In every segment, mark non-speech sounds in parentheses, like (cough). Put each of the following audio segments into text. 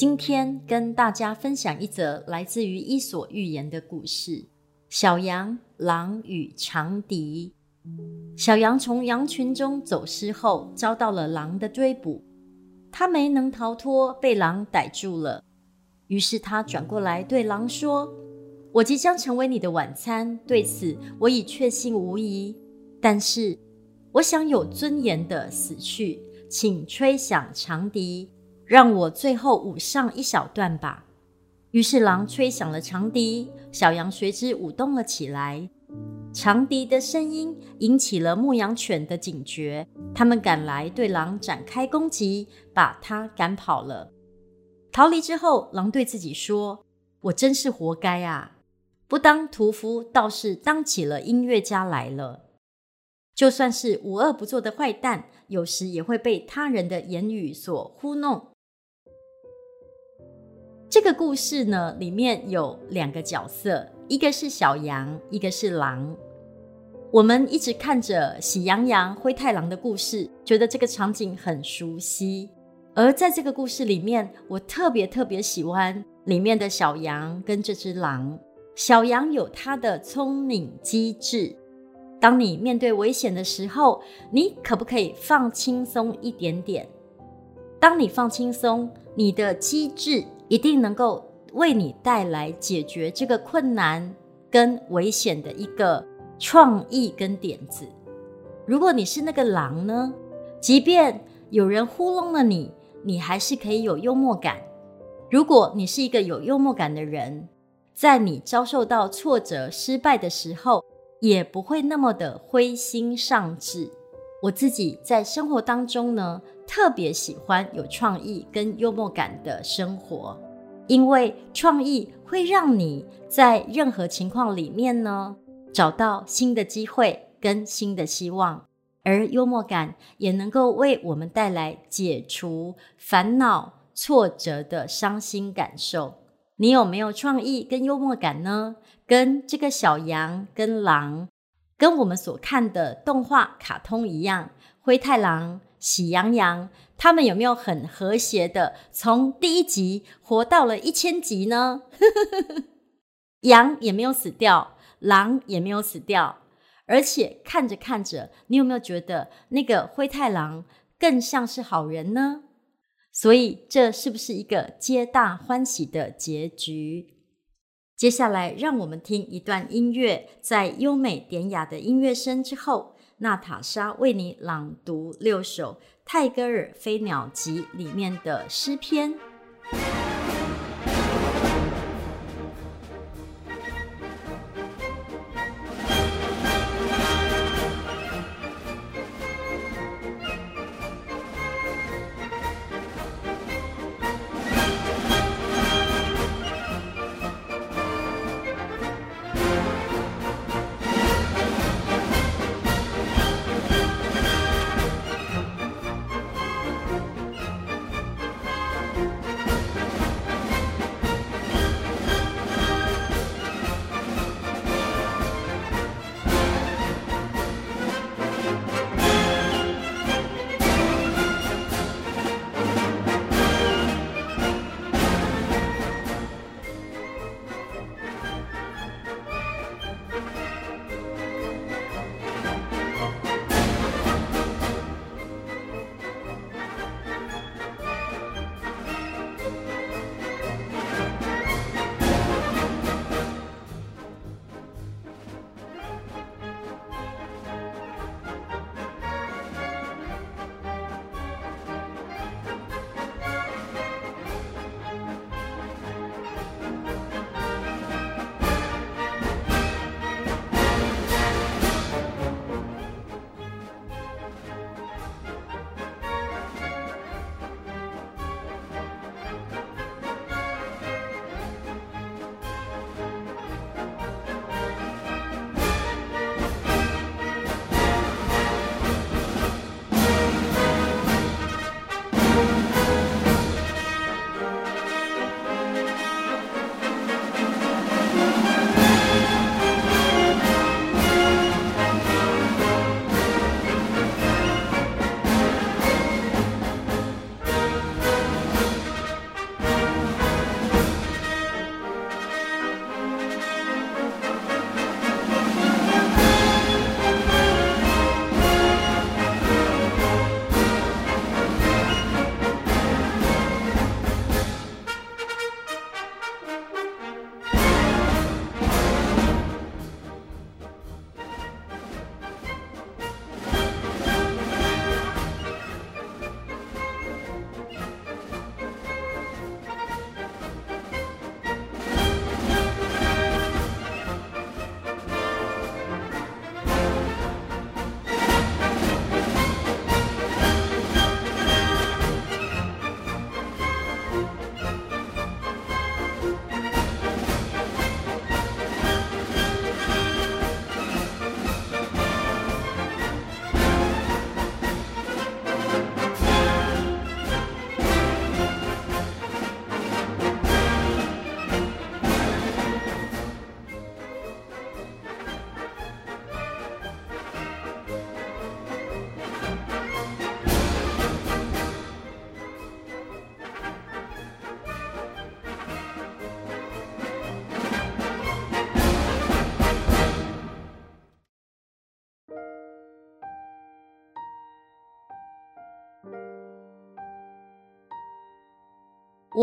今天跟大家分享一則來自於《伊索寓言》的故事：小羊、狼與長笛。小羊從羊群中走失後，遭到了狼的追捕，它沒能逃脫，被狼逮住了。於是它轉過來對狼說：“我即將成為你的晚餐，對此我已確信無疑。但是，我想有尊嚴地死去，請吹響長笛。”讓我最後舞上一小段吧。於是狼吹響了長笛，小羊隨之舞動了起來。長笛的聲音引起了牧羊犬的警覺，他們趕來對狼展開攻擊，把它趕跑了。逃離之後，狼對自己說：“我真是活該啊！不當屠夫，倒是當起了音樂家來了。就算是無惡不作的壞蛋，有時也會被他人的言語所糊弄。”這個故事呢，裡面有兩個角色，一個是小羊，一個是狼。我們一直看着喜洋洋《喜羊羊灰太狼》的故事，覺得這個場景很熟悉。而在這個故事裡面，我特別特別喜歡裡面的小羊跟這隻狼。小羊有他的聰明機智。當你面對危險的時候，你可不可以放輕鬆一點點？當你放輕鬆，你的機智。一定能夠為你帶來解決這個困難跟危險的一個創意跟點子。如果你是那個狼呢，即便有人糊弄了你，你還是可以有幽默感。如果你是一個有幽默感的人，在你遭受到挫折、失敗的時候，也不會那麼的灰心喪志。我自己在生活當中呢，特別喜歡有創意跟幽默感的生活，因為創意會讓你在任何情況裡面呢，找到新的機會跟新的希望，而幽默感也能夠為我們帶來解除煩惱、挫折的傷心感受。你有沒有創意跟幽默感呢？跟這個小羊跟狼。跟我們所看的動畫、卡通一樣，灰太狼、喜羊羊，他們有沒有很和諧的從第一集活到了一千集呢？ (laughs) 羊也沒有死掉，狼也沒有死掉，而且看着看着，你有沒有覺得那個灰太狼更像是好人呢？所以，這是不是一個皆大歡喜的結局？接下來，讓我們聽一段音樂。在優美典雅的音樂聲之後，娜塔莎為你朗讀六首泰戈爾《飛鳥集》裡面的詩篇。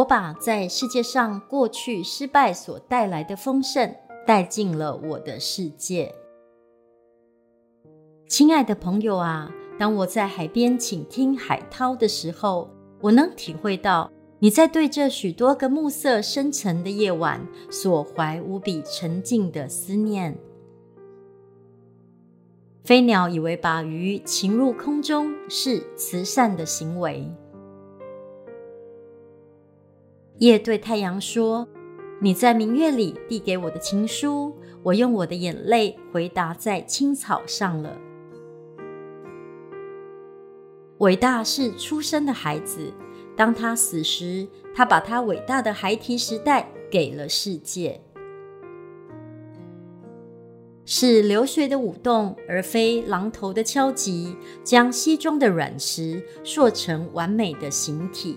我把在世界上過去失敗所帶來的豐盛帶進了我的世界，親愛的朋友啊，當我在海邊傾聽海濤的時候，我能體會到你在對這許多個暮色深沉的夜晚所懷無比沉靜的思念。飛鳥以為把魚擒入空中是慈善的行為。夜對太陽說：“你在明月裡遞給我的情書，我用我的眼淚回答在青草上了。”偉大是出生的孩子，當他死時，他把他偉大的孩提時代給了世界。是流水的舞動，而非榔頭的敲擊，將溪中的卵石塑成完美的形體。